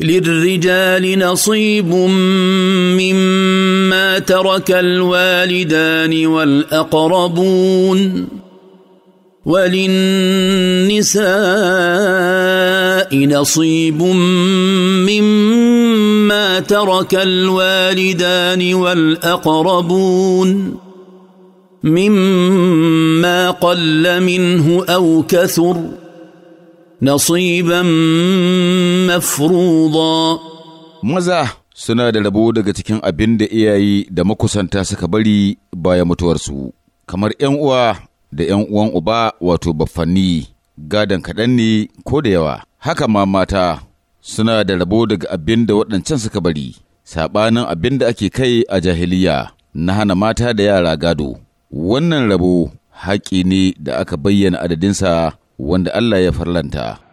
للرجال نصيب مما ترك الوالدان والاقربون وللنساء نصيب مما ترك الوالدان والاقربون مما قل منه او كثر نصيبا مفروضا maza suna da rabo daga cikin abin da iyaye da makusanta suka bari bayan mutuwarsu kamar ‘yan uwa da ‘yan uwan uba wato baffanni gadon kaɗan ne ko da yawa haka ma mata suna da rabo daga abin da waɗancan suka bari saɓanin abin da ake kai a jahiliya na hana mata da yara gado wannan rabo haƙi ne da aka bayyana adadinsa wanda Allah ya farlanta.